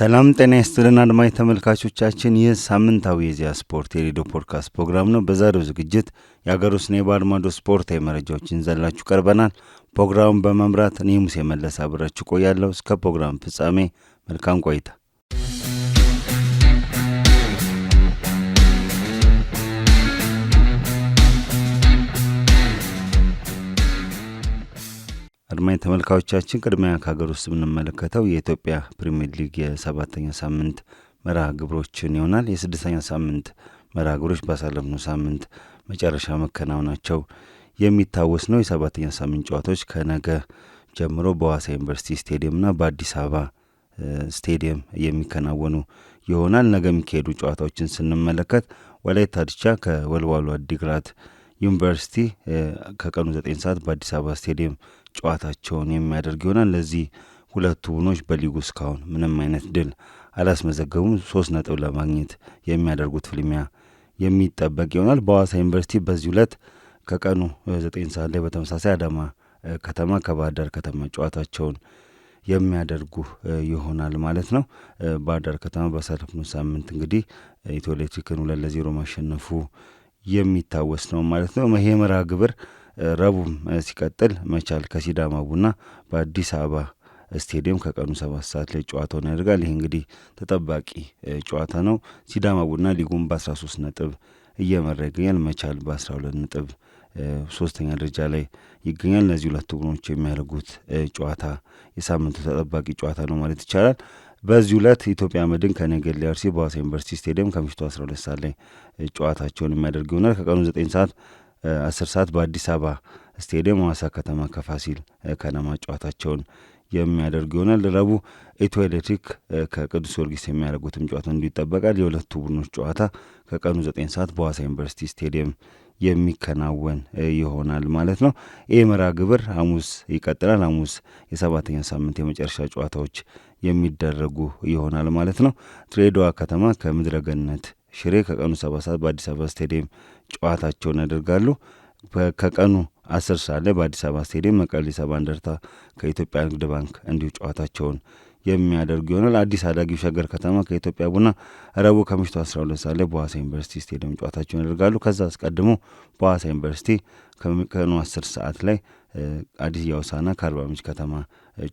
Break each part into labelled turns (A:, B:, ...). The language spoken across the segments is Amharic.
A: ሰላም ጤና ይስጥልን አድማጭ ተመልካቾቻችን፣ ይህ ሳምንታዊ የኢዜአ ስፖርት የሬዲዮ ፖድካስት ፕሮግራም ነው። በዛሬው ዝግጅት የአገር ውስጥና የባህር ማዶ ስፖርታዊ መረጃዎችን ይዘንላችሁ ቀርበናል። ፕሮግራሙን በመምራት እኔ ሙሴ መለስ አብራችሁ ቆያለሁ። እስከ ፕሮግራም ፍጻሜ መልካም ቆይታ አድማኝ ተመልካዮቻችን ቅድሚያ ከሀገር ውስጥ የምንመለከተው የኢትዮጵያ ፕሪምየር ሊግ የሰባተኛ ሳምንት መርሃ ግብሮችን ይሆናል። የስድስተኛ ሳምንት መርሃ ግብሮች ባሳለፍነው ሳምንት መጨረሻ መከናወናቸው የሚታወስ ነው። የሰባተኛ ሳምንት ጨዋታዎች ከነገ ጀምሮ በዋሳ ዩኒቨርሲቲ ስቴዲየምና በአዲስ አበባ ስቴዲየም የሚከናወኑ ይሆናል። ነገ የሚካሄዱ ጨዋታዎችን ስንመለከት ወላይታ ድቻ ከወልዋሎ አዲግራት ዩኒቨርሲቲ ከቀኑ ዘጠኝ ሰዓት በአዲስ አበባ ስቴዲየም ጨዋታቸውን የሚያደርግ ይሆናል። ለዚህ ሁለቱ ቡድኖች በሊጉ እስካሁን ምንም አይነት ድል አላስመዘገቡም። ሶስት ነጥብ ለማግኘት የሚያደርጉት ፍልሚያ የሚጠበቅ ይሆናል። በሐዋሳ ዩኒቨርሲቲ በዚህ ሁለት ከቀኑ ዘጠኝ ሰዓት ላይ በተመሳሳይ አዳማ ከተማ ከባህር ዳር ከተማ ጨዋታቸውን የሚያደርጉ ይሆናል ማለት ነው። ባህር ዳር ከተማ ባሳለፍነው ሳምንት እንግዲህ ኢትዮ ኤሌክትሪክን ሁለት ለዜሮ ማሸነፉ የሚታወስ ነው ማለት ነው። ይሄ መርሃ ግብር ረቡም ሲቀጥል መቻል ከሲዳማ ቡና በአዲስ አበባ ስቴዲየም ከቀኑ ሰባት ሰዓት ላይ ጨዋታውን ያደርጋል። ይህ እንግዲህ ተጠባቂ ጨዋታ ነው። ሲዳማ ቡና ሊጉም በ13 ነጥብ እየመራ ይገኛል። መቻል በ12 ነጥብ ሶስተኛ ደረጃ ላይ ይገኛል። እነዚህ ሁለቱ ቡድኖች የሚያደርጉት ጨዋታ የሳምንቱ ተጠባቂ ጨዋታ ነው ማለት ይቻላል። በዚህ ዕለት ኢትዮጵያ መድን ከነገሌ አርሲ በሐዋሳ ዩኒቨርሲቲ ስቴዲየም ከምሽቱ 12 ሰዓት ላይ ጨዋታቸውን የሚያደርግ ይሆናል። ከቀኑ 9 ሰዓት 10 ሰዓት በአዲስ አበባ ስቴዲየም ሐዋሳ ከተማ ከፋሲል ከነማ ጨዋታቸውን የሚያደርግ ይሆናል። ረቡዕ ኢትዮ ኤሌክትሪክ ከቅዱስ ጊዮርጊስ የሚያደርጉትም ጨዋታ እንዲሁ ይጠበቃል። የሁለቱ ቡድኖች ጨዋታ ከቀኑ 9 ሰዓት በሐዋሳ ዩኒቨርሲቲ ስቴዲየም የሚከናወን ይሆናል ማለት ነው። ይህ መርሃ ግብር ሐሙስ ይቀጥላል። ሐሙስ የሰባተኛ ሳምንት የመጨረሻ ጨዋታዎች የሚደረጉ ይሆናል ማለት ነው። ድሬዳዋ ከተማ ከምድረገነት ሽሬ ከቀኑ ሰባት ሰዓት በአዲስ አበባ ስቴዲየም ጨዋታቸውን ያደርጋሉ። ከቀኑ አስር ሰዓት ላይ በአዲስ አበባ ስቴዲየም መቀሌ ሰባ እንደርታ ከኢትዮጵያ ንግድ ባንክ እንዲሁ ጨዋታቸውን የሚያደርጉ ይሆናል። አዲስ አዳጊ ሸገር ከተማ ከኢትዮጵያ ቡና ረቡዕ ከምሽቱ 12 ሰዓት ላይ በዋሳ ዩኒቨርሲቲ ስቴዲየም ጨዋታቸውን ያደርጋሉ። ከዛ አስቀድሞ በዋሳ ዩኒቨርሲቲ ከቀኑ 10 ሰዓት ላይ አዲስ ያውሳና ከአርባ ምንጭ ከተማ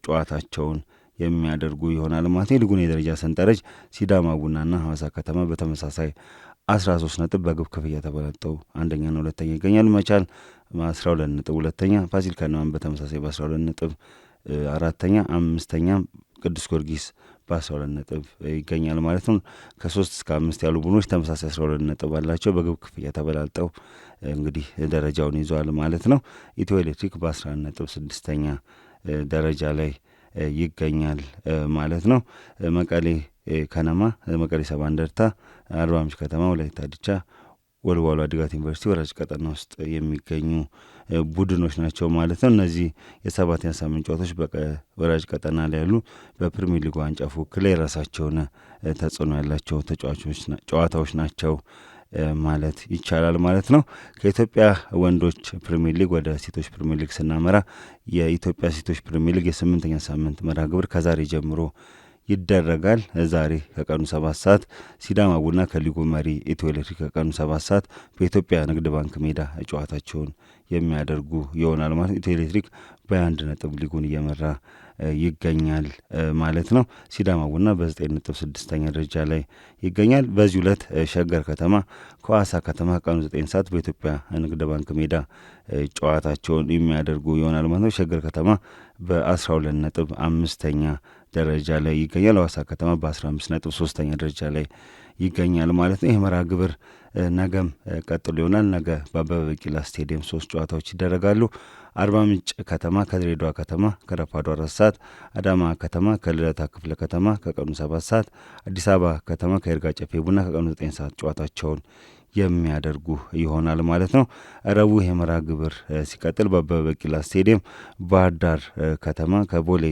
A: ጨዋታቸውን የሚያደርጉ ይሆናል ማለት ነው። ሊጉን የደረጃ ሰንጠረዥ ሲዳማ ቡናና ሐዋሳ ከተማ በተመሳሳይ 13 ነጥብ በግብ ክፍያ ተበላልጠው አንደኛና ሁለተኛ ይገኛሉ። መቻል 12 ነጥብ ሁለተኛ፣ ፋሲል ከነማን በተመሳሳይ በ12 ነጥብ አራተኛ፣ አምስተኛ ቅዱስ ጊዮርጊስ በአስራ ሁለት ነጥብ ይገኛል ማለት ነው። ከሶስት እስከ አምስት ያሉ ቡድኖች ተመሳሳይ አስራ ሁለት ነጥብ አላቸው። በግብ ክፍያ ተበላልጠው እንግዲህ ደረጃውን ይዘዋል ማለት ነው። ኢትዮ ኤሌክትሪክ በአስራ አንድ ነጥብ ስድስተኛ ደረጃ ላይ ይገኛል ማለት ነው። መቀሌ ከነማ፣ መቀሌ ሰባ እንደርታ፣ አርባ ምንጭ ከተማ፣ ወላይታ ድቻ ወልዋሎ አዲግራት ዩኒቨርሲቲ ወራጅ ቀጠና ውስጥ የሚገኙ ቡድኖች ናቸው ማለት ነው። እነዚህ የሰባተኛ ሳምንት ጨዋታዎች በወራጅ ቀጠና ላይ ያሉ በፕሪሚየር ሊጉ ዋንጫ ፉክክር ላይ የራሳቸውን ተጽዕኖ ያላቸው ጨዋታዎች ናቸው ማለት ይቻላል ማለት ነው። ከኢትዮጵያ ወንዶች ፕሪሚየር ሊግ ወደ ሴቶች ፕሪሚየር ሊግ ስናመራ የኢትዮጵያ ሴቶች ፕሪሚየር ሊግ የስምንተኛ ሳምንት መርሃ ግብር ከዛሬ ጀምሮ ይደረጋል። ዛሬ ከቀኑ ሰባት ሰዓት ሲዳማ ቡና ከሊጉ መሪ ኢትዮ ኤሌክትሪክ ከቀኑ ሰባት ሰዓት በኢትዮጵያ ንግድ ባንክ ሜዳ ጨዋታቸውን የሚያደርጉ ይሆናል ማለት ነው። ኢትዮ ኤሌክትሪክ በአንድ ነጥብ ሊጉን እየመራ ይገኛል ማለት ነው። ሲዳማ ቡና በዘጠኝ ነጥብ ስድስተኛ ደረጃ ላይ ይገኛል። በዚህ ዕለት ሸገር ከተማ ከዋሳ ከተማ ቀኑ ዘጠኝ ሰዓት በኢትዮጵያ ንግድ ባንክ ሜዳ ጨዋታቸውን የሚያደርጉ ይሆናል ማለት ነው። ሸገር ከተማ በአስራ ሁለት ነጥብ አምስተኛ ደረጃ ላይ ይገኛል። ዋሳ ከተማ በ15 ነጥብ ሶስተኛ ደረጃ ላይ ይገኛል ማለት ነው። ይህ መርሃ ግብር ነገም ቀጥሎ ይሆናል። ነገ በአበበ ቢቂላ ስቴዲየም ሶስት ጨዋታዎች ይደረጋሉ። አርባ ምንጭ ከተማ ከድሬዳዋ ከተማ ከረፋዱ አራት ሰዓት፣ አዳማ ከተማ ከልደታ ክፍለ ከተማ ከቀኑ ሰባት ሰዓት፣ አዲስ አበባ ከተማ ከይርጋ ጨፌ ቡና ከቀኑ ዘጠኝ ሰዓት ጨዋታቸውን የሚያደርጉ ይሆናል ማለት ነው። ረቡዕ የመርሃ ግብር ሲቀጥል በአበበ ቢቂላ ስቴዲየም ባህር ዳር ከተማ ከቦሌ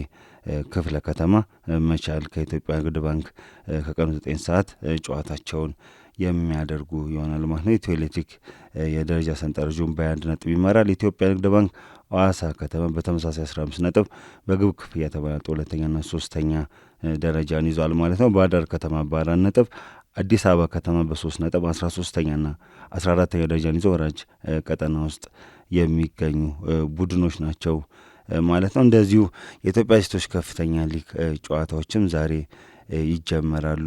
A: ክፍለ ከተማ መቻል ከኢትዮጵያ ንግድ ባንክ ከቀኑ ዘጠኝ ሰዓት ጨዋታቸውን የሚያደርጉ ይሆናል ማለት ነው። ኢትዮ ኤሌክትሪክ የደረጃ ሰንጠረዡን በአንድ ነጥብ ይመራል። ኢትዮጵያ ንግድ ባንክ ሐዋሳ ከተማ በተመሳሳይ አስራ አምስት ነጥብ በግብ ክፍያ ተበላልጦ ሁለተኛና ሶስተኛ ደረጃን ይዟል ማለት ነው። ባህርዳር ከተማ በአራት ነጥብ አዲስ አበባ ከተማ በሶስት ነጥብ አስራ ሶስተኛና አስራ አራተኛ ደረጃን ይዞ ወራጅ ቀጠና ውስጥ የሚገኙ ቡድኖች ናቸው ማለት ነው። እንደዚሁ የኢትዮጵያ ሴቶች ከፍተኛ ሊግ ጨዋታዎችም ዛሬ ይጀመራሉ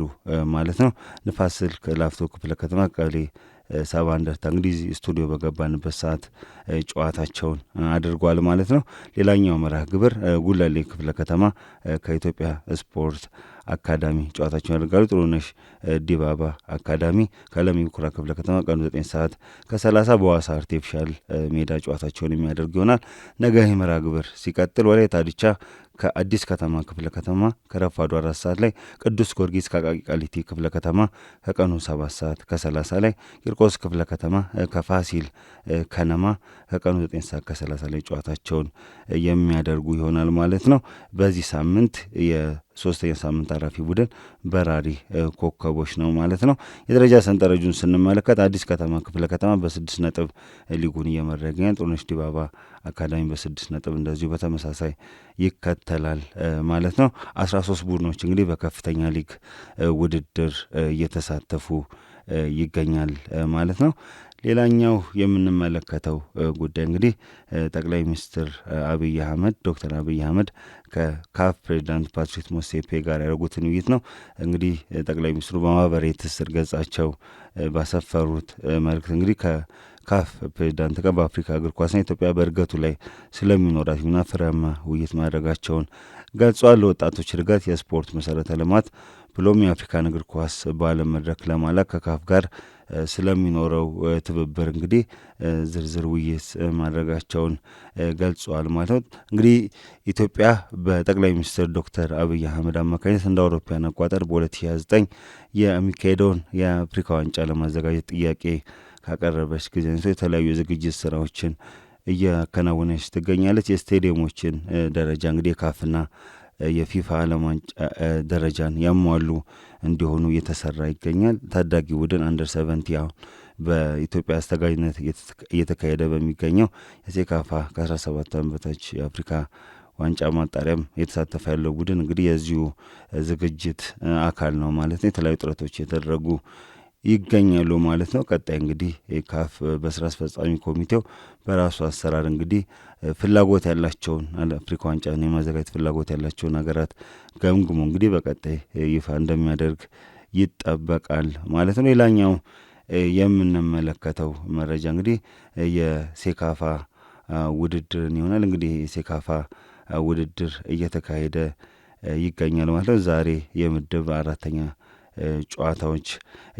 A: ማለት ነው። ንፋስ ስልክ ላፍቶ ክፍለ ከተማ ቀሌ ሰባ እንደርታ እንግዲህ ስቱዲዮ በገባንበት ሰዓት ጨዋታቸውን አድርጓል ማለት ነው። ሌላኛው መርሃ ግብር ጉለሌ ክፍለ ከተማ ከኢትዮጵያ ስፖርት አካዳሚ ጨዋታቸውን ያደርጋሉ። ጥሩነሽ ዲባባ አካዳሚ ከለሚ ኩራ ክፍለ ከተማ ቀኑ 9 ሰዓት ከሰላሳ በዋሳ አርቲፊሻል ሜዳ ጨዋታቸውን የሚያደርግ ይሆናል። ነገ መርሃ ግብር ሲቀጥል ወላይታ ዲቻ ከአዲስ ከተማ ክፍለ ከተማ ከረፋዱ አራት ሰዓት ላይ፣ ቅዱስ ጊዮርጊስ ከአቃቂ ቃሊቲ ክፍለ ከተማ ከቀኑ ሰባት ሰዓት ከሰላሳ ላይ፣ ቂርቆስ ክፍለ ከተማ ከፋሲል ከነማ ከቀኑ ዘጠኝ ሰዓት ከሰላሳ ላይ ጨዋታቸውን የሚያደርጉ ይሆናል ማለት ነው። በዚህ ሳምንት የ ሶስተኛ ሳምንት አራፊ ቡድን በራሪ ኮከቦች ነው ማለት ነው። የደረጃ ሰንጠረጁን ስንመለከት አዲስ ከተማ ክፍለ ከተማ በስድስት ነጥብ ሊጉን እየመራ ይገኛል። ጥሩነሽ ዲባባ አካዳሚ በስድስት ነጥብ እንደዚሁ በተመሳሳይ ይከተላል ማለት ነው። አስራ ሶስት ቡድኖች እንግዲህ በከፍተኛ ሊግ ውድድር እየተሳተፉ ይገኛል ማለት ነው። ሌላኛው የምንመለከተው ጉዳይ እንግዲህ ጠቅላይ ሚኒስትር አብይ አህመድ ዶክተር አብይ አህመድ ከካፍ ፕሬዚዳንት ፓትሪክ ሞሴፔ ጋር ያደረጉትን ውይይት ነው። እንግዲህ ጠቅላይ ሚኒስትሩ በማህበራዊ ትስስር ገጻቸው ባሰፈሩት መልእክት እንግዲህ ካፍ ፕሬዚዳንት ጋር በአፍሪካ እግር ኳስና ኢትዮጵያ በእድገቱ ላይ ስለሚኖራት ሚና ፍሬያማ ውይይት ማድረጋቸውን ገልጿል። ለወጣቶች እድገት፣ የስፖርት መሰረተ ልማት ብሎም የአፍሪካን እግር ኳስ በዓለም መድረክ ለማላክ ከካፍ ጋር ስለሚኖረው ትብብር እንግዲህ ዝርዝር ውይይት ማድረጋቸውን ገልጸዋል ማለት ነው። እንግዲህ ኢትዮጵያ በጠቅላይ ሚኒስትር ዶክተር አብይ አህመድ አማካኝነት እንደ አውሮፓውያን አቆጣጠር በ2029 የሚካሄደውን የአፍሪካ ዋንጫ ለማዘጋጀት ጥያቄ ካቀረበች ጊዜ አንስቶ የተለያዩ የዝግጅት ስራዎችን እያከናወነች ትገኛለች። የስቴዲየሞችን ደረጃ እንግዲህ የካፍና የፊፋ ዓለም ዋንጫ ደረጃን ያሟሉ እንዲሆኑ እየተሰራ ይገኛል። ታዳጊ ቡድን አንደር ሰቨንቲ አሁን በኢትዮጵያ አስተጋጅነት እየተካሄደ በሚገኘው የሴካፋ ከ17 ዓመት በታች የአፍሪካ ዋንጫ ማጣሪያም እየተሳተፈ ያለው ቡድን እንግዲህ የዚሁ ዝግጅት አካል ነው ማለት ነው። የተለያዩ ጥረቶች የተደረጉ ይገኛሉ ማለት ነው። ቀጣይ እንግዲህ ካፍ በስራ አስፈጻሚ ኮሚቴው በራሱ አሰራር እንግዲህ ፍላጎት ያላቸውን አፍሪካ ዋንጫን የማዘጋጀት ፍላጎት ያላቸውን ሀገራት ገምግሞ እንግዲህ በቀጣይ ይፋ እንደሚያደርግ ይጠበቃል ማለት ነው። ሌላኛው የምንመለከተው መረጃ እንግዲህ የሴካፋ ውድድርን ይሆናል። እንግዲህ የሴካፋ ውድድር እየተካሄደ ይገኛል ማለት ነው። ዛሬ የምድብ አራተኛ ጨዋታዎች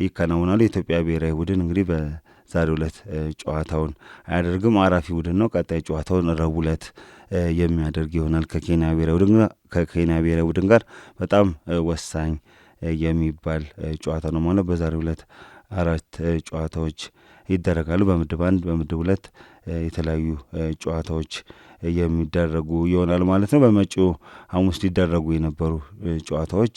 A: ይከናውናሉ። የኢትዮጵያ ብሔራዊ ቡድን እንግዲህ በዛሬ ዕለት ጨዋታውን አያደርግም። አራፊ ቡድን ነው። ቀጣይ ጨዋታውን ረቡዕ ዕለት የሚያደርግ ይሆናል ከኬንያ ብሔራዊ ቡድን ከኬንያ ብሔራዊ ቡድን ጋር በጣም ወሳኝ የሚባል ጨዋታ ነው ማለት በዛሬ ዕለት አራት ጨዋታዎች ይደረጋሉ። በምድብ አንድ፣ በምድብ ሁለት የተለያዩ ጨዋታዎች የሚደረጉ ይሆናል ማለት ነው። በመጪው ሐሙስ ሊደረጉ የነበሩ ጨዋታዎች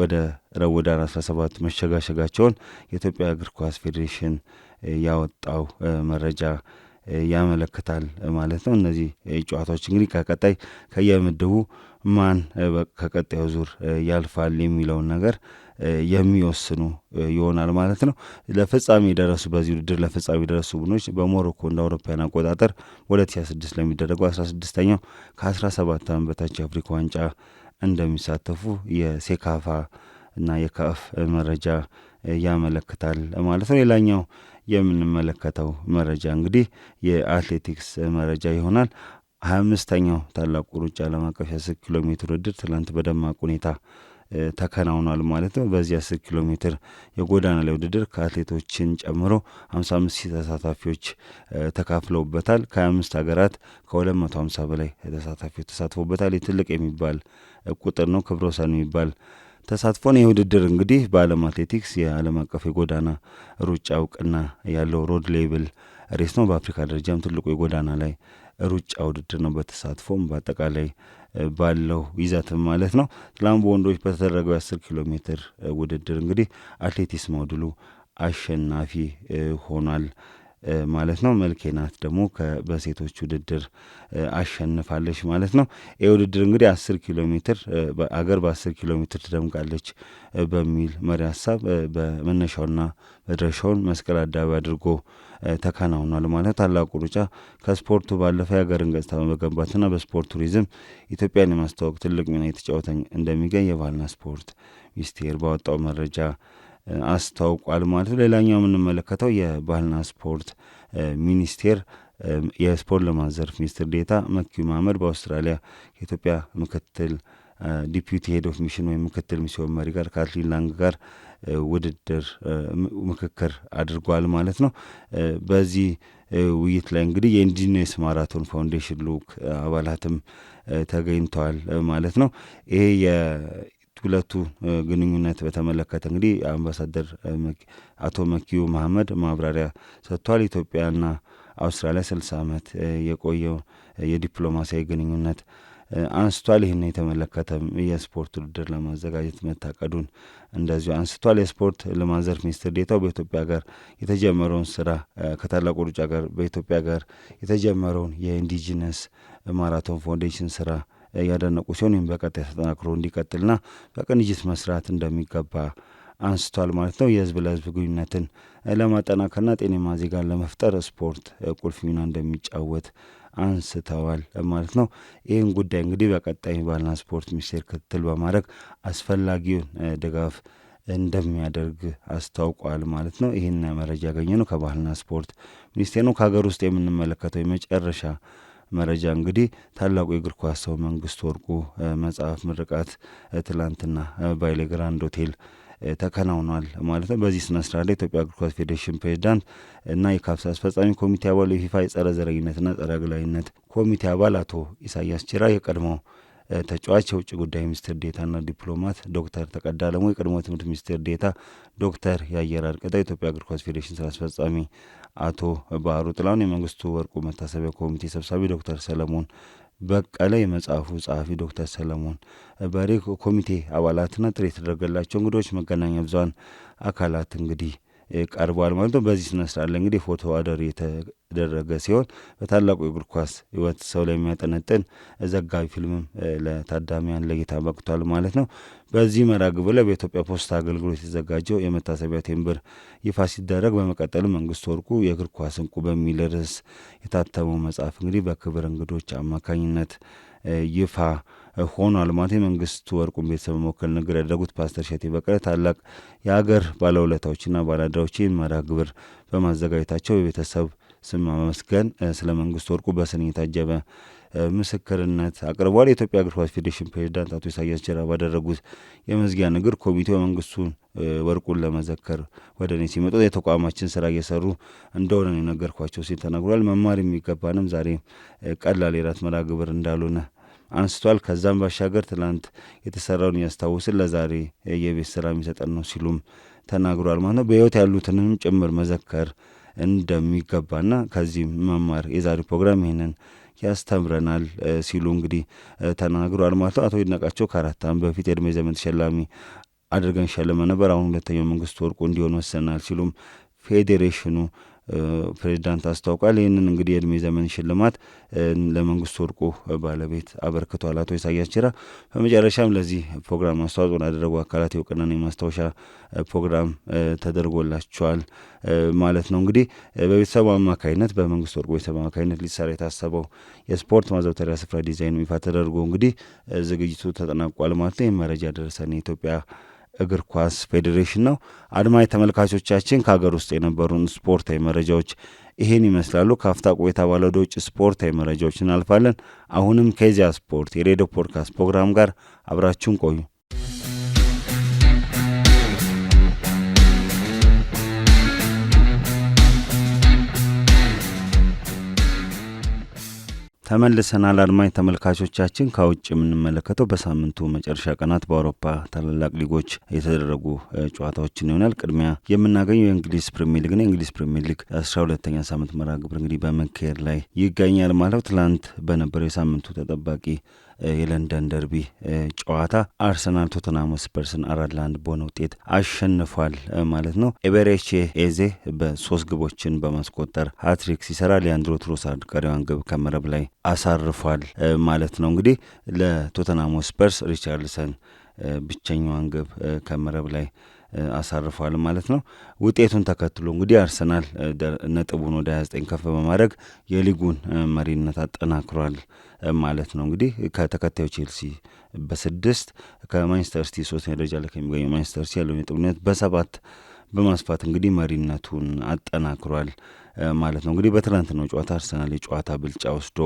A: ወደ ረቡዕ ኅዳር 17 መሸጋሸጋቸውን የኢትዮጵያ እግር ኳስ ፌዴሬሽን ያወጣው መረጃ ያመለክታል ማለት ነው። እነዚህ ጨዋታዎች እንግዲህ ከቀጣይ ከየምድቡ ማን ከቀጣዩ ዙር ያልፋል የሚለውን ነገር የሚወስኑ ይሆናል ማለት ነው። ለፍጻሜ የደረሱ በዚህ ውድድር ለፍጻሜ የደረሱ ቡድኖች በሞሮኮ እንደ አውሮፓውያን አቆጣጠር ሁለት ሺ ስድስት ለሚደረገው አስራ ስድስተኛው ከአስራ ሰባት ዓመት በታች የአፍሪካ ዋንጫ እንደሚሳተፉ የሴካፋ እና የካፍ መረጃ ያመለክታል ማለት ነው። ሌላኛው የምንመለከተው መረጃ እንግዲህ የአትሌቲክስ መረጃ ይሆናል። ሀያ አምስተኛው ታላቁ ሩጫ ዓለም አቀፍ የአስር ኪሎ ሜትር ውድድር ትላንት በደማቅ ሁኔታ ተከናውኗል ማለት ነው። በዚህ አስር ኪሎ ሜትር የጎዳና ላይ ውድድር ከአትሌቶችን ጨምሮ ሀምሳ አምስት ሺህ ተሳታፊዎች ተካፍለውበታል ከሀያ አምስት ሀገራት ከሁለት መቶ ሀምሳ በላይ ተሳታፊዎች ተሳትፎበታል። ትልቅ የሚባል ቁጥር ነው። ክብረ ወሰን የሚባል ተሳትፎን ይህ ውድድር እንግዲህ በዓለም አትሌቲክስ የዓለም አቀፍ የጎዳና ሩጫ እውቅና ያለው ሮድ ሌብል ሬስ ነው። በአፍሪካ ደረጃም ትልቁ የጎዳና ላይ ሩጫ ውድድር ነው። በተሳትፎም በአጠቃላይ ባለው ይዘትም ማለት ነው። ትላንት በወንዶች በተደረገው የአስር ኪሎ ሜትር ውድድር እንግዲህ አትሌቲክስ ሞዱሉ አሸናፊ ሆኗል። ማለት ነው። መልኬ ናት ደግሞ በሴቶች ውድድር አሸንፋለች ማለት ነው። ይህ ውድድር እንግዲህ አስር ኪሎ ሜትር አገር በአስር ኪሎ ሜትር ትደምቃለች በሚል መሪ ሀሳብ በመነሻውና መድረሻውን መስቀል አደባባይ አድርጎ ተከናውኗል ማለት ታላቁ ሩጫ ከስፖርቱ ባለፈ የሀገርን ገጽታ በመገንባትና በስፖርት ቱሪዝም ኢትዮጵያን የማስተዋወቅ ትልቅ ሚና የተጫወተ እንደሚገኝ የባህልና ስፖርት ሚኒስቴር ባወጣው መረጃ አስታውቋል ማለት ነው። ሌላኛው የምንመለከተው የባህልና ስፖርት ሚኒስቴር የስፖርት ልማት ዘርፍ ሚኒስትር ዴታ መኪ ማመድ በአውስትራሊያ ከኢትዮጵያ ምክትል ዲፒቲ ሄድ ኦፍ ሚሽን ወይም ምክትል ሚስዮን መሪ ጋር ካትሊን ላንግ ጋር ውድድር ምክክር አድርጓል ማለት ነው። በዚህ ውይይት ላይ እንግዲህ የኢንጂነስ ማራቶን ፋውንዴሽን ልዑክ አባላትም ተገኝተዋል ማለት ነው። ይሄ ሁለቱ ግንኙነት በተመለከተ እንግዲህ አምባሳደር አቶ መኪዩ መሀመድ ማብራሪያ ሰጥቷል። ኢትዮጵያና አውስትራሊያ ስልሳ ዓመት የቆየው የዲፕሎማሲያዊ ግንኙነት አንስቷል። ይህን የተመለከተም የስፖርት ውድድር ለማዘጋጀት መታቀዱን እንደዚሁ አንስቷል። የስፖርት ልማት ዘርፍ ሚኒስትር ዴታው በኢትዮጵያ ጋር የተጀመረውን ስራ ከታላቁ ሩጫ ጋር በኢትዮጵያ ጋር የተጀመረውን የኢንዲጂነስ ማራቶን ፋውንዴሽን ስራ ያደነቁ ሲሆን ይህም በቀጣይ ተጠናክሮ እንዲቀጥልና በቅንጅት መስራት እንደሚገባ አንስቷል ማለት ነው። የህዝብ ለህዝብ ግንኙነትን ለማጠናከርና ጤናማ ዜጋን ለመፍጠር ስፖርት ቁልፍ ሚና እንደሚጫወት አንስተዋል ማለት ነው። ይህን ጉዳይ እንግዲህ በቀጣይ ባህልና ስፖርት ሚኒስቴር ክትትል በማድረግ አስፈላጊውን ድጋፍ እንደሚያደርግ አስታውቋል ማለት ነው። ይህን መረጃ ያገኘ ነው ከባህልና ስፖርት ሚኒስቴር ነው። ከሀገር ውስጥ የምንመለከተው የመጨረሻ መረጃ እንግዲህ ታላቁ የእግር ኳስ ሰው መንግስቱ ወርቁ መጽሐፍ ምርቃት ትላንትና ባይሌ ግራንድ ሆቴል ተከናውኗል ማለት ነው። በዚህ ስነ ስርዓት ላይ ኢትዮጵያ እግር ኳስ ፌዴሬሽን ፕሬዚዳንት እና የካፍ አስፈጻሚ ኮሚቴ አባሉ የፊፋ የጸረ ዘረኝነትና ጸረ ግላዊነት ኮሚቴ አባል አቶ ኢሳያስ ችራ የቀድሞ ተጫዋች የውጭ ጉዳይ ሚኒስትር ዴታና ዲፕሎማት ዶክተር ተቀዳ አለሙ፣ የቀድሞ ትምህርት ሚኒስትር ዴታ ዶክተር የአየር አርቀጣ የኢትዮጵያ እግር ኳስ ፌዴሬሽን ስራ አስፈጻሚ አቶ ባህሩ ጥላሁን፣ የመንግስቱ ወርቁ መታሰቢያ ኮሚቴ ሰብሳቢ ዶክተር ሰለሞን በቀለ፣ የመጽሐፉ ጸሐፊ ዶክተር ሰለሞን በሬ ኮሚቴ አባላትና ጥሪ የተደረገላቸው እንግዶች መገናኛ ብዙኃን አካላት እንግዲህ ቀርቧል ማለት ነው። በዚህ ስነስላለ እንግዲህ ፎቶ አደር የተደረገ ሲሆን በታላቁ የእግር ኳስ ህይወት ሰው ላይ የሚያጠነጥን ዘጋቢ ፊልምም ለታዳሚያን ለጌታ በቅቷል ማለት ነው። በዚህ መርሃ ግብር ላይ በኢትዮጵያ ፖስታ አገልግሎት የተዘጋጀው የመታሰቢያ ቴምብር ይፋ ሲደረግ በመቀጠሉ መንግስቱ ወርቁ የእግር ኳስ እንቁ በሚል ርዕስ የታተመው መጽሐፍ እንግዲህ በክብር እንግዶች አማካኝነት ይፋ ሆኖ አልማቴ የመንግስቱ ወርቁን ቤተሰብ መወከል ንግግር ያደረጉት ፓስተር ሸቴ በቀለ ታላቅ የሀገር ባለውለታዎችና ባላደራዎች ይህን መርሃ ግብር በማዘጋጀታቸው የቤተሰብ ስም ማመስገን ስለ መንግስቱ ወርቁ በስንኝ የታጀበ ምስክርነት አቅርቧል። የኢትዮጵያ እግር ኳስ ፌዴሬሽን ፕሬዚዳንት አቶ ኢሳያስ ጀራ ባደረጉት የመዝጊያ ንግግር ኮሚቴው መንግስቱን ወርቁን ለመዘከር ወደ እኔ ሲመጡ የተቋማችን ስራ እየሰሩ እንደሆነ ነው የነገርኳቸው ሲል ተናግሯል። መማር የሚገባንም ዛሬ ቀላል የራት መርሃ ግብር እንዳልሆነ አንስቷል። ከዛም ባሻገር ትላንት የተሰራውን እያስታውስን ለዛሬ የቤት ስራ የሚሰጠን ነው ሲሉም ተናግሯል ማለት ነው። በህይወት ያሉትንም ጭምር መዘከር እንደሚገባና ከዚህም መማር የዛሬ ፕሮግራም ይህንን ያስተምረናል ሲሉ እንግዲህ ተናግሯል ማለት ነው። አቶ ይድነቃቸው ከአራት ዓመት በፊት የዕድሜ ዘመን ተሸላሚ አድርገን ሸለመ ነበር። አሁን ሁለተኛው መንግስቱ ወርቁ እንዲሆን ወሰናል ሲሉም ፌዴሬሽኑ ፕሬዚዳንት አስታውቋል። ይህንን እንግዲህ የእድሜ ዘመን ሽልማት ለመንግስቱ ወርቁ ባለቤት አበርክቷል አቶ ኢሳያስ ጅራ። በመጨረሻም ለዚህ ፕሮግራም አስተዋጽኦ ላደረጉ አካላት የእውቅናን የማስታወሻ ፕሮግራም ተደርጎላቸዋል ማለት ነው። እንግዲህ በቤተሰቡ አማካኝነት በመንግስቱ ወርቁ ቤተሰብ አማካኝነት ሊሰራ የታሰበው የስፖርት ማዘውተሪያ ስፍራ ዲዛይን ይፋ ተደርጎ እንግዲህ ዝግጅቱ ተጠናቋል ማለት ነው። ይህም መረጃ ደረሰን የኢትዮጵያ እግር ኳስ ፌዴሬሽን ነው። አድማጭ ተመልካቾቻችን ከሀገር ውስጥ የነበሩን ስፖርታዊ መረጃዎች ይህን ይመስላሉ። ከአፍታ ቆይታ በኋላ ወደ ውጭ ስፖርታዊ መረጃዎች እናልፋለን። አሁንም ከዚያ ስፖርት የሬዲዮ ፖድካስት ፕሮግራም ጋር አብራችሁን ቆዩ። ተመልሰናል አድማጭ ተመልካቾቻችን። ከውጭ የምንመለከተው በሳምንቱ መጨረሻ ቀናት በአውሮፓ ታላላቅ ሊጎች የተደረጉ ጨዋታዎችን ይሆናል። ቅድሚያ የምናገኘው የእንግሊዝ ፕሪሚየር ነው የእንግሊዝ ፕሪሚየር ሊግ አስራ ሁለተኛ ሳምንት መርሃ ግብር እንግዲህ በመካሄድ ላይ ይገኛል ማለት ትላንት በነበረው የሳምንቱ ተጠባቂ የለንደን ደርቢ ጨዋታ አርሰናል ቶተናም ስፐርስን አራት ለአንድ በሆነ ውጤት አሸንፏል ማለት ነው። ኤቤሬቺ ኤዜ በሶስት ግቦችን በማስቆጠር ሀትሪክ ሲሰራ ሊያንድሮ ትሮሳርድ ቀሪዋን ግብ ከመረብ ላይ አሳርፏል ማለት ነው። እንግዲህ ለቶተንሃም ስፐርስ ሪቻርልሰን ብቸኛዋን ግብ ከመረብ ላይ አሳርፏል ማለት ነው። ውጤቱን ተከትሎ እንግዲህ አርሰናል ነጥቡን ወደ 29 ከፍ በማድረግ የሊጉን መሪነት አጠናክሯል ማለት ነው። እንግዲህ ከተከታዩ ቼልሲ በስድስት ከማንቸስተር ሲቲ ሶስተኛ ደረጃ ላይ ከሚገኘው ማንቸስተር ሲቲ ያለውን ልዩነት በሰባት በማስፋት እንግዲህ መሪነቱን አጠናክሯል ማለት ነው። እንግዲህ በትናንትናው ጨዋታ አርሰናል የጨዋታ ብልጫ ወስዶ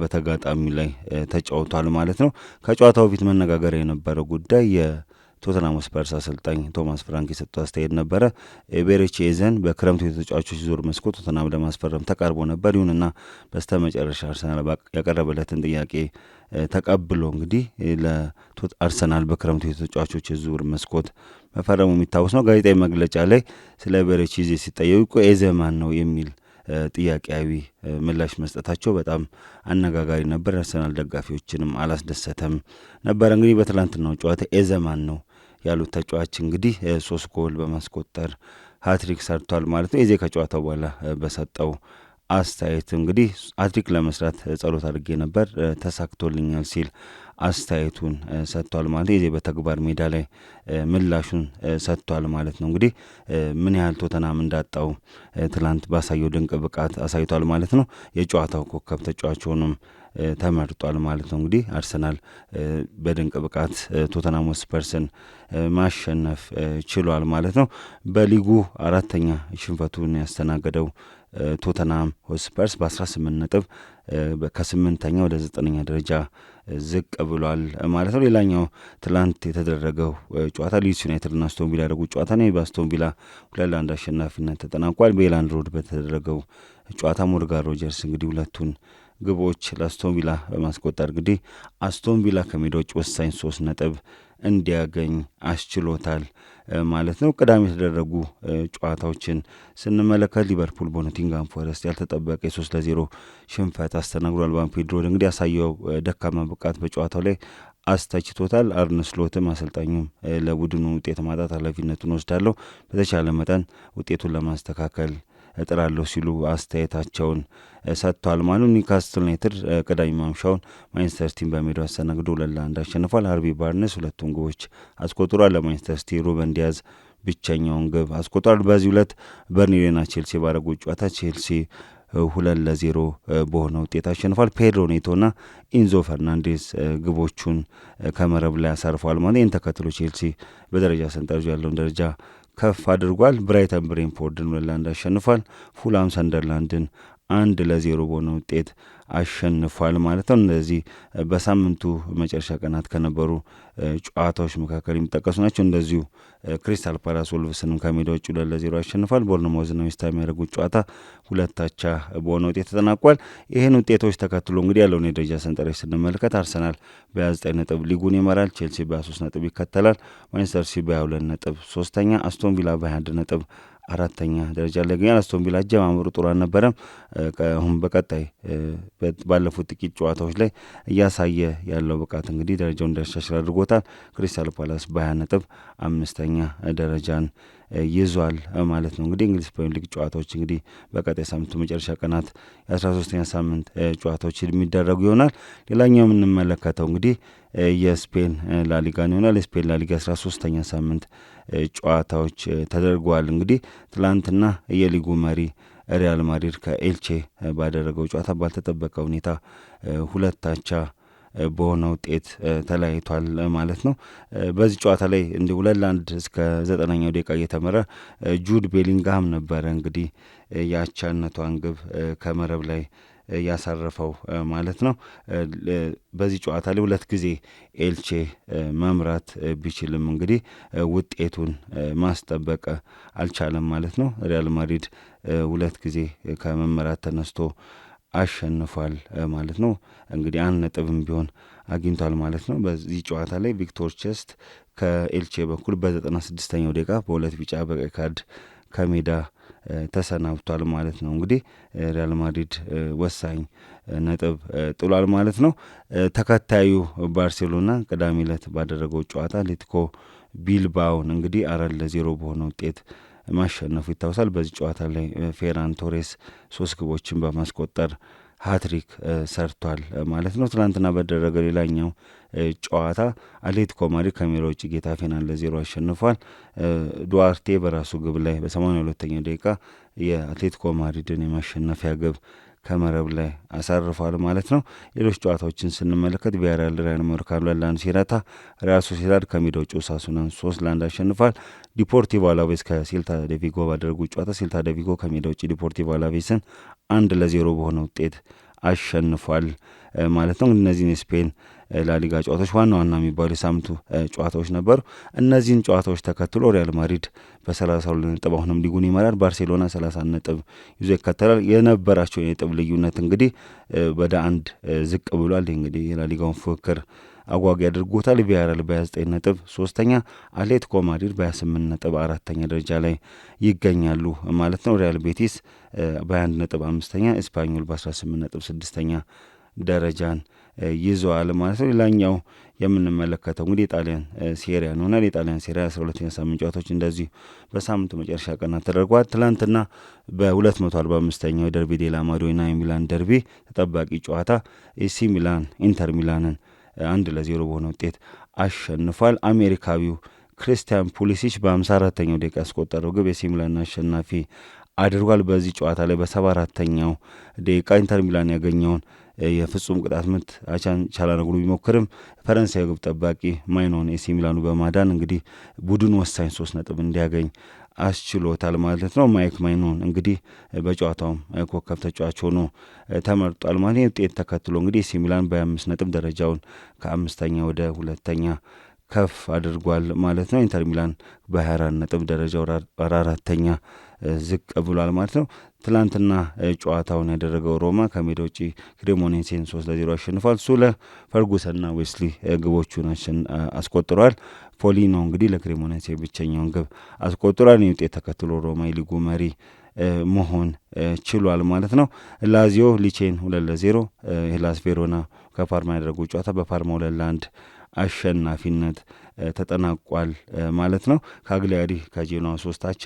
A: በተጋጣሚ ላይ ተጫውቷል ማለት ነው። ከጨዋታው ፊት መነጋገሪያ የነበረው ጉዳይ ቶተናም ስፐርስ አሰልጣኝ ቶማስ ፍራንክ የሰጡት አስተያየት ነበረ። ኤቤሬቺ ኤዘን በክረምቱ የተጫዋቾች ዞር መስኮት ቶተናም ለማስፈረም ተቃርቦ ነበር። ይሁንና በስተ መጨረሻ አርሰናል ያቀረበለትን ጥያቄ ተቀብሎ እንግዲህ አርሰናል በክረምቱ የተጫዋቾች የዝውውር መስኮት መፈረሙ የሚታወስ ነው። ጋዜጣዊ መግለጫ ላይ ስለ ኤቤሬቺ ኤዜ ሲጠየቁ እኮ ኤዜ ማን ነው የሚል ጥያቄያዊ ምላሽ መስጠታቸው በጣም አነጋጋሪ ነበር። አርሰናል ደጋፊዎችንም አላስደሰተም ነበር። እንግዲህ በትላንትናው ጨዋታ ኤዜ ማን ነው ያሉት ተጫዋች እንግዲህ ሶስት ጎል በማስቆጠር ሀትሪክ ሰርቷል ማለት ነው። የዜ ከጨዋታው በኋላ በሰጠው አስተያየት እንግዲህ ሀትሪክ ለመስራት ጸሎት አድርጌ ነበር ተሳክቶልኛል ሲል አስተያየቱን ሰጥቷል ማለት ነው። የዜ በተግባር ሜዳ ላይ ምላሹን ሰጥቷል ማለት ነው። እንግዲህ ምን ያህል ቶተናም እንዳጣው ትላንት ባሳየው ድንቅ ብቃት አሳይቷል ማለት ነው። የጨዋታው ኮከብ ተጫዋች ሆኖም ተመርጧል ማለት ነው። እንግዲህ አርሰናል በድንቅ ብቃት ቶተናም ስፐርስን ማሸነፍ ችሏል ማለት ነው። በሊጉ አራተኛ ሽንፈቱን ያስተናገደው ቶተናም ሆስፐርስ በ18 ነጥብ ከስምንተኛ ወደ ዘጠነኛ ደረጃ ዝቅ ብሏል ማለት ነው። ሌላኛው ትላንት የተደረገው ጨዋታ ሊድስ ዩናይትድና አስቶን ቪላ ያደረጉት ጨዋታ ነው። በአስቶን ቪላ ሁለት ለአንድ አሸናፊነት ተጠናቋል። በኤላንድ ሮድ በተደረገው ጨዋታ ሞርጋን ሮጀርስ እንግዲህ ሁለቱን ግቦች ለአስቶን ቪላ በማስቆጠር እንግዲህ አስቶን ቪላ ከሜዳ ውጭ ወሳኝ ሶስት ነጥብ እንዲያገኝ አስችሎታል ማለት ነው። ቅዳሜ የተደረጉ ጨዋታዎችን ስንመለከት ሊቨርፑል በኖቲንጋም ፎረስት ያልተጠበቀ የሶስት ለዜሮ ሽንፈት አስተናግዷል። ቫምፔድሮ እንግዲህ ያሳየው ደካማ ብቃት በጨዋታው ላይ አስተችቶታል። አርነ ስሎትም አሰልጣኙም ለቡድኑ ውጤት ማጣት ኃላፊነቱን ወስዳለሁ፣ በተቻለ መጠን ውጤቱን ለማስተካከል እጥራለሁ ሲሉ አስተያየታቸውን ሰጥቷል። ማለት ኒውካስትል ዩናይትድ ቅዳሜ ማምሻውን ማንቸስተር ሲቲን በሜዳው አስተናግዶ ሁለት ለአንድ አሸንፏል። ሃርቢ ባርነስ ሁለቱን ግቦች አስቆጥሯል። ለማንቸስተር ሲቲ ሩበን ዲያዝ ብቸኛውን ግብ አስቆጥሯል። በዚህ ሁለት በርንሌና ቼልሲ ባረጉ ጨዋታ ቼልሲ ሁለት ለዜሮ በሆነ ውጤት አሸንፏል። ፔድሮ ኔቶና ኢንዞ ፈርናንዴዝ ግቦቹን ከመረብ ላይ አሳርፈዋል። ማለት ይህን ተከትሎ ቼልሲ በደረጃ ሰንጠረዡ ያለውን ደረጃ ከፍ አድርጓል። ብራይተን ብሬንፎርድን ሁለት ለአንድ አሸንፏል። ፉላም ሰንደርላንድን አንድ ለዜሮ በሆነ ውጤት አሸንፏል ማለት ነው። እንደዚህ በሳምንቱ መጨረሻ ቀናት ከነበሩ ጨዋታዎች መካከል የሚጠቀሱ ናቸው። እንደዚሁ ክሪስታል ፓላስ ወልቭስንም ከሜዳ ውጭ ሁለት ለዜሮ አሸንፏል። ቦርንማውዝና ነው ስታ ያደረጉት ጨዋታ ሁለታቻ በሆነ ውጤት ተጠናቋል። ይህን ውጤቶች ተከትሎ እንግዲህ ያለውን የደረጃ ሰንጠረዥ ስንመለከት አርሰናል በ29 ነጥብ ሊጉን ይመራል። ቼልሲ በ23 ነጥብ ይከተላል። ማንቸስተር ሲቲ በ22 ነጥብ ሶስተኛ፣ አስቶን ቪላ በ21 ነጥብ አራተኛ ደረጃ ላይ ይገኛል። አስቶን ቪላ አጀማመሩ ጥሩ አልነበረም። አሁን በቀጣይ ባለፉት ጥቂት ጨዋታዎች ላይ እያሳየ ያለው ብቃት እንግዲህ ደረጃው እንዳሻሽል አድርጎታል። ክሪስታል ፓላስ በሀያ ነጥብ አምስተኛ ደረጃን ይዟል ማለት ነው። እንግዲህ እንግሊዝ ፕሪሚየር ሊግ ጨዋታዎች እንግዲህ በቀጣይ ሳምንቱ መጨረሻ ቀናት የአስራ ሶስተኛ ሳምንት ጨዋታዎች የሚደረጉ ይሆናል። ሌላኛው የምንመለከተው እንግዲህ የስፔን ላሊጋን ይሆናል። የስፔን ላሊጋ አስራ ሶስተኛ ሳምንት ጨዋታዎች ተደርገዋል። እንግዲህ ትላንትና የሊጉ መሪ ሪያል ማድሪድ ከኤልቼ ባደረገው ጨዋታ ባልተጠበቀ ሁኔታ ሁለታቻ በሆነ ውጤት ተለያይቷል ማለት ነው። በዚህ ጨዋታ ላይ እንዲ ሁለት ለአንድ እስከ ዘጠናኛው ደቂቃ እየተመራ ጁድ ቤሊንግሃም ነበረ እንግዲህ የአቻነቷን ግብ ከመረብ ላይ ያሳረፈው ማለት ነው። በዚህ ጨዋታ ላይ ሁለት ጊዜ ኤልቼ መምራት ቢችልም እንግዲህ ውጤቱን ማስጠበቅ አልቻለም ማለት ነው። ሪያል ማድሪድ ሁለት ጊዜ ከመመራት ተነስቶ አሸንፏል ማለት ነው። እንግዲህ አንድ ነጥብም ቢሆን አግኝቷል ማለት ነው። በዚህ ጨዋታ ላይ ቪክቶር ቼስት ከኤልቼ በኩል በዘጠና ስድስተኛው ደቂቃ በሁለት ቢጫ በቀይ ካርድ ከሜዳ ተሰናብቷል ማለት ነው። እንግዲህ ሪያል ማድሪድ ወሳኝ ነጥብ ጥሏል ማለት ነው። ተከታዩ ባርሴሎና ቅዳሜ ዕለት ባደረገው ጨዋታ አትሌቲኮ ቢልባውን እንግዲህ አራት ለዜሮ በሆነ ውጤት ማሸነፉ ይታወሳል። በዚህ ጨዋታ ላይ ፌራን ቶሬስ ሶስት ግቦችን በማስቆጠር ሀትሪክ ሰርቷል ማለት ነው። ትናንትና በደረገ ሌላኛው ጨዋታ አትሌቲኮ ማድሪድ ከሜዳ ውጭ ጌታፌን አንድ ለዜሮ አሸንፏል። ዱዋርቴ በራሱ ግብ ላይ በሰማንያ ሁለተኛ ደቂቃ የአትሌቲኮ ማድሪድን የማሸነፊያ ግብ ከመረብ ላይ አሳርፏል ማለት ነው። ሌሎች ጨዋታዎችን ስንመለከት ቪያሪያል ሪያል ሞርካሎ ለአንድ ሲረታ፣ ሪያል ሶሲዳድ ከሜዳ ውጭ ሳሱናን ሶስት ለአንድ አሸንፏል። ዲፖርቲቮ አላቬስ ከሴልታ ደቪጎ ባደረጉት ጨዋታ ሴልታ ደቪጎ ከሜዳ ውጭ ዲፖርቲቮ አላቬስን አንድ ለዜሮ በሆነ ውጤት አሸንፏል ማለት ነው። እነዚህን የስፔን ላሊጋ ጨዋታዎች ዋና ዋና የሚባሉ የሳምንቱ ጨዋታዎች ነበሩ። እነዚህን ጨዋታዎች ተከትሎ ሪያል ማድሪድ በ32 ነጥብ አሁንም ሊጉን ይመራል። ባርሴሎና 30 ነጥብ ይዞ ይከተላል። የነበራቸውን የነጥብ ልዩነት እንግዲህ ወደ አንድ ዝቅ ብሏል። እንግዲህ የላሊጋውን ፉክክር አጓጊ አድርጎታል። ቪያሪያል በ29 ነጥብ ሶስተኛ፣ አትሌቲኮ ማድሪድ በ28 ነጥብ አራተኛ ደረጃ ላይ ይገኛሉ ማለት ነው። ሪያል ቤቲስ በ21 ነጥብ አምስተኛ፣ ስፓኞል በ18 ነጥብ ስድስተኛ ደረጃን ይዘዋል ማለት ነው። ሌላኛው የምንመለከተው እንግዲህ የጣሊያን ነው ይሆናል። የጣሊያን ሴሪያ አስራ ሁለተኛ ሳምንት ጨዋታዎች እንደዚሁ በሳምንቱ መጨረሻ ቀናት ተደርጓል። ትላንትና በሁለት መቶ አርባ አምስተኛው ደርቢ ዴላ ማዶና የሚላን ደርቢ ተጠባቂ ጨዋታ ኤሲ ሚላን ኢንተር ሚላንን አንድ ለዜሮ በሆነ ውጤት አሸንፏል። አሜሪካዊው ክሪስቲያን ፑሊሲች በአምሳ አራተኛው ደቂቃ ያስቆጠረው ግብ ኤሲ ሚላን አሸናፊ አድርጓል። በዚህ ጨዋታ ላይ በሰባ አራተኛው ደቂቃ ኢንተር ሚላን ያገኘውን የፍጹም ቅጣት ምት አቻን ቻላነጉሉ ቢሞክርም ፈረንሳይ ግብ ጠባቂ ማይኖን ኤሲ ሚላኑ በማዳን እንግዲህ ቡድን ወሳኝ ሶስት ነጥብ እንዲያገኝ አስችሎታል ማለት ነው። ማይክ ማይኖን እንግዲህ በጨዋታውም ኮከብ ተጫዋች ሆኖ ተመርጧል ማለት ነው። ውጤት ተከትሎ እንግዲህ ኤሲ ሚላን በአምስት ነጥብ ደረጃውን ከአምስተኛ ወደ ሁለተኛ ከፍ አድርጓል ማለት ነው። ኢንተር ሚላን በ24 ነጥብ ደረጃው አራተኛ ዝቅ ብሏል ማለት ነው። ትላንትና ጨዋታውን ያደረገው ሮማ ከሜዳ ውጪ ክሬሞኔሴን ሶስት ለዜሮ አሸንፏል። ሱለ ፈርጉሰንና ዌስሊ ግቦቹን አስቆጥሯል። ፖሊኖ እንግዲህ ለክሬሞኔሴ ብቸኛውን ግብ አስቆጥሯል። ይህ ውጤት ተከትሎ ሮማ የሊጉ መሪ መሆን ችሏል ማለት ነው። ላዚዮ ሊቼን ሁለት ለዜሮ ሄላስ ቬሮና ከፓርማ ያደረጉ ጨዋታ በፓርማ ሁለት ለአንድ አሸናፊነት ተጠናቋል ማለት ነው። ካግሊያሪ ከጄኖዋ ሶስት አቻ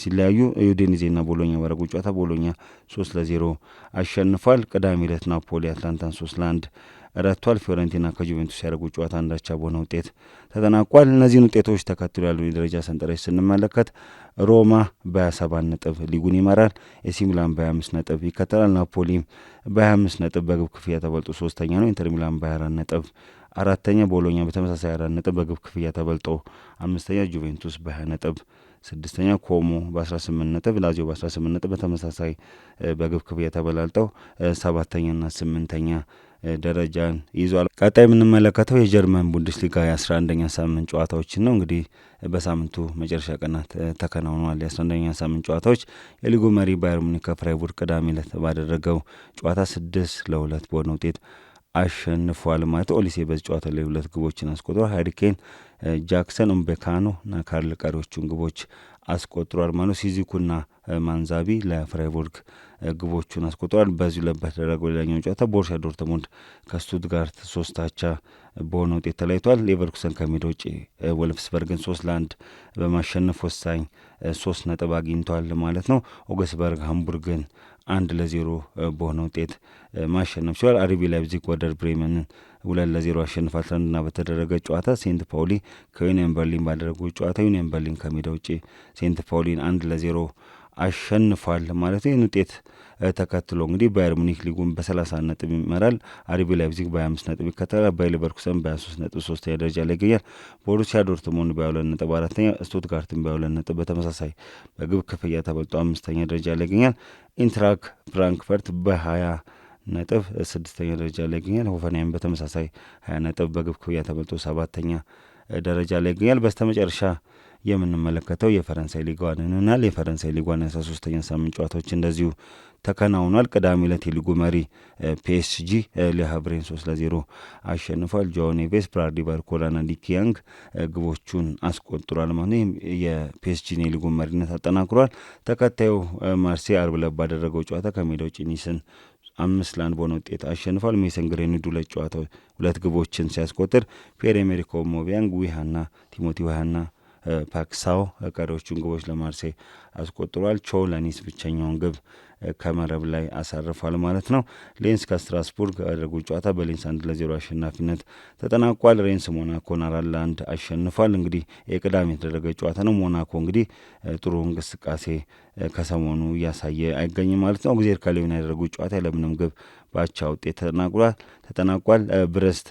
A: ሲለያዩ ዩዴኔዜና ቦሎኛ ባረጉት ጨዋታ ቦሎኛ ሶስት ለዜሮ አሸንፏል። ቅዳሜ ዕለት ናፖሊ አትላንታን ሶስት ለአንድ ረቷል። ፊዮረንቲና ከጁቬንቱስ ያደረጉ ጨዋታ አንዳቻ በሆነ ውጤት ተጠናቋል። እነዚህን ውጤቶች ተከትሎ ያለውን የደረጃ ሰንጠረዥ ስንመለከት ሮማ በ27 ነጥብ ሊጉን ይመራል። ኤሲ ሚላን በ25 ነጥብ ይከተላል። ናፖሊም በ25 ነጥብ በግብ ክፍያ ተበልጦ ሶስተኛ ነው። ኢንተር ሚላን በ24 ነጥብ አራተኛ ቦሎኛ በተመሳሳይ አራት ነጥብ በግብ ክፍያ ተበልጦ አምስተኛ ጁቬንቱስ በ20 ነጥብ ስድስተኛ ኮሞ በ18 ነጥብ ላዚዮ በ18 ነጥብ በተመሳሳይ በግብ ክፍያ ተበላልጠው ሰባተኛና ስምንተኛ ደረጃን ይዟል። ቀጣይ የምንመለከተው የጀርመን ቡንደስሊጋ የ11ኛ ሳምንት ጨዋታዎችን ነው። እንግዲህ በሳምንቱ መጨረሻ ቀናት ተከናውኗል። 11 ሳምንት ጨዋታዎች የሊጉ መሪ ባየር ሙኒክ ከፍራይቡርግ ቅዳሜ ዕለት ባደረገው ጨዋታ ስድስት ለሁለት በሆነ ውጤት አሸንፏል ማለት ኦሊሴ በዚህ ጨዋታ ላይ ሁለት ግቦችን አስቆጥሯል። ሃሪኬን፣ ጃክሰን፣ ኡምቤካኖ ና ካርል ቀሪዎቹን ግቦች አስቆጥሯል ማለት ነው። ና ማንዛቢ ለፍራይቡርግ ግቦቹን አስቆጥሯል። በዚሁ ላይ በተደረገው ሌላኛው ጨዋታ ቦርሻ ዶርትሙንድ ከስቱትጋርት ሶስት አቻ በሆነ ውጤት ተለያይቷል። ሌቨርኩሰን ከሜዳ ውጭ ወልፍስበርግን ሶስት ለአንድ በማሸነፍ ወሳኝ ሶስት ነጥብ አግኝቷል ማለት ነው። ኦገስበርግ ሀምቡርግን አንድ ለዜሮ በሆነ ውጤት ማሸነፍ ችሏል። አርቢ ላይፕዚግ ወደር ብሬመንን ሁለት ለዜሮ አሸንፏል። ትናንትና በተደረገ ጨዋታ ሴንት ፓውሊ ከዩኒየን በርሊን ባደረጉ ጨዋታ ዩኒየን በርሊን ከሜዳ ውጪ ሴንት ፓውሊን አንድ ለዜሮ አሸንፏል ማለት ይህን ውጤት ተከትሎ እንግዲህ ባየር ሙኒክ ሊጉን በ30 ነጥብ ይመራል። አርቢ ላይፕዚግ በ25 ነጥብ ይከተላል። ባየር ሌቨርኩሰን በ23 ነጥብ ሶስተኛ ደረጃ ላይ ይገኛል። ቦሩሲያ ዶርትሞን በ22 ነጥብ አራተኛ፣ ስቱትጋርትን በ22 ነጥብ በተመሳሳይ በግብ ክፍያ ተበልጦ አምስተኛ ደረጃ ላይ ይገኛል። ኢንትራክ ፍራንክፈርት በ20 ነጥብ ስድስተኛ ደረጃ ላይ ይገኛል። ሆፈንሃይም በተመሳሳይ 20 ነጥብ በግብ ክፍያ ተበልጦ ሰባተኛ ደረጃ ላይ ይገኛል። በስተመጨረሻ የምንመለከተው የፈረንሳይ ሊግ ዋንን ይሆናል። የፈረንሳይ ሊጓን ዋን አስራ ሶስተኛ ሳምንት ጨዋታዎች እንደዚሁ ተከናውኗል። ቅዳሜ ዕለት የሊጉ መሪ ፒኤስጂ ለሀብሬን ሶስት ለዜሮ አሸንፏል። ጆኦ ኔቬስ፣ ብራድ ባርኮላና ዲኪያንግ ግቦቹን አስቆጥሯል ማለት ነው። ይህም የፒኤስጂን የሊጉ መሪነት አጠናክሯል። ተከታዩ ማርሴ አርብ ዕለት ባደረገው ጨዋታ ከሜዳው ጭኒስን አምስት ለአንድ በሆነ ውጤት አሸንፏል። ሜሰን ግሬንውድ ሁለት ጨዋታ ሁለት ግቦችን ሲያስቆጥር ፒየር ኤሜሪክ አውባሜያንግ፣ ዊሃና ቲሞቲ ዊሃና ፓክሳው ቀሪዎቹን ግቦች ለማርሴ አስቆጥሯል። ቾ ለኒስ ብቸኛውን ግብ ከመረብ ላይ አሳርፏል ማለት ነው። ሌንስ ከስትራስቡርግ ያደረጉት ጨዋታ በሌንስ አንድ ለዜሮ አሸናፊነት ተጠናቋል። ሬንስ ሞናኮን አራት ለአንድ አሸንፏል። እንግዲህ የቅዳሜ የተደረገ ጨዋታ ነው። ሞናኮ እንግዲህ ጥሩ እንቅስቃሴ ከሰሞኑ እያሳየ አይገኝም ማለት ነው። ኦግዜር ከሌዮን ያደረጉ ጨዋታ ያለምንም ግብ በአቻ ውጤት ተጠናቋል። ብረስት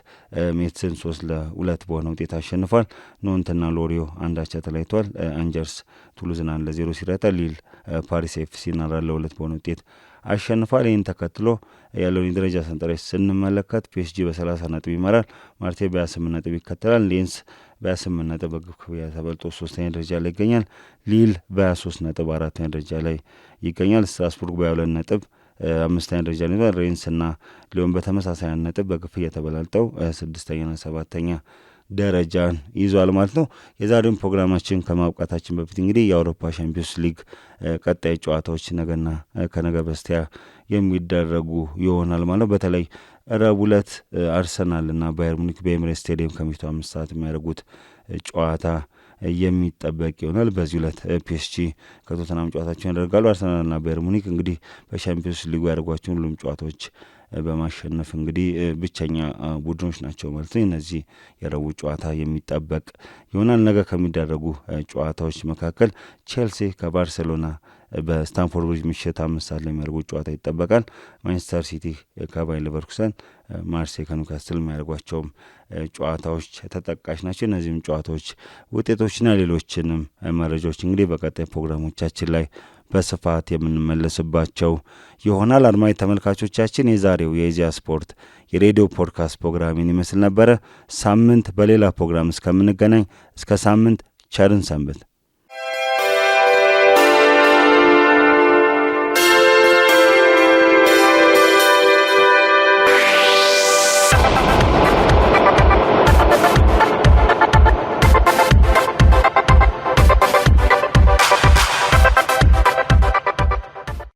A: ሜትስን ሶስት ለሁለት በሆነ ውጤት አሸንፏል። ኖንትና ሎሪዮ አንዳቻ አቻ ተለያይቷል። አንጀርስ ቱሉዝን አንድ ለዜሮ ሲረታ፣ ሊል ፓሪስ ኤፍሲ ናራ ለሁለት በሆነ ውጤት አሸንፏል። ይህን ተከትሎ ያለውን የደረጃ ሰንጠረዥ ስንመለከት ፒኤስጂ በ30 ነጥብ ይመራል። ማርቴ በ28 ነጥብ ይከተላል። ሌንስ በ28 ነጥብ በግብ ክብያ ተበልጦ ሶስተኛ ደረጃ ላይ ይገኛል። ሊል በ23 ነጥብ አራተኛ ደረጃ ላይ ይገኛል። ስትራስቡርግ በ22 ነጥብ አምስተኛ ደረጃ ሬንስ ሬንስና ሊዮን በተመሳሳይ ነጥብ በክፍያ ተበላልጠው ስድስተኛና ሰባተኛ ደረጃን ይዟል ማለት ነው። የዛሬውን ፕሮግራማችን ከማብቃታችን በፊት እንግዲህ የአውሮፓ ሻምፒዮንስ ሊግ ቀጣይ ጨዋታዎች ነገና ከነገ በስቲያ የሚደረጉ ይሆናል ማለት ነው። በተለይ ረቡዕ ዕለት አርሰናልና ባየር ሙኒክ በኤምሬትስ ስቴዲየም ከምሽቱ አምስት ሰዓት የሚያደርጉት ጨዋታ የሚጠበቅ ይሆናል። በዚህ ዕለት ፒኤስጂ ከቶተናም ጨዋታቸውን ያደርጋሉ። አርሰናልና ባየር ሙኒክ እንግዲህ በሻምፒዮንስ ሊጉ ያደርጓቸውን ሁሉም ጨዋታዎች በማሸነፍ እንግዲህ ብቸኛ ቡድኖች ናቸው ማለት ነው። እነዚህ የረቡዕ ጨዋታ የሚጠበቅ ይሆናል። ነገ ከሚደረጉ ጨዋታዎች መካከል ቼልሲ ከባርሴሎና በስታንፎርድ ብሪጅ ምሽት አምስት ሰዓት ለሚያደርጉ ጨዋታ ይጠበቃል። ማንቸስተር ሲቲ ከባይ ሌቨርኩሰን፣ ማርሴይ ከኒውካስትል የሚያደርጓቸውም ጨዋታዎች ተጠቃሽ ናቸው። እነዚህም ጨዋታዎች ውጤቶችና ሌሎችንም መረጃዎች እንግዲህ በቀጣይ ፕሮግራሞቻችን ላይ በስፋት የምንመለስባቸው ይሆናል። አድማጭ ተመልካቾቻችን የዛሬው የኢዜአ ስፖርት የሬዲዮ ፖድካስት ፕሮግራሚን ይመስል ነበረ። ሳምንት በሌላ ፕሮግራም እስከምንገናኝ እስከ ሳምንት ቸርን ሰንብት።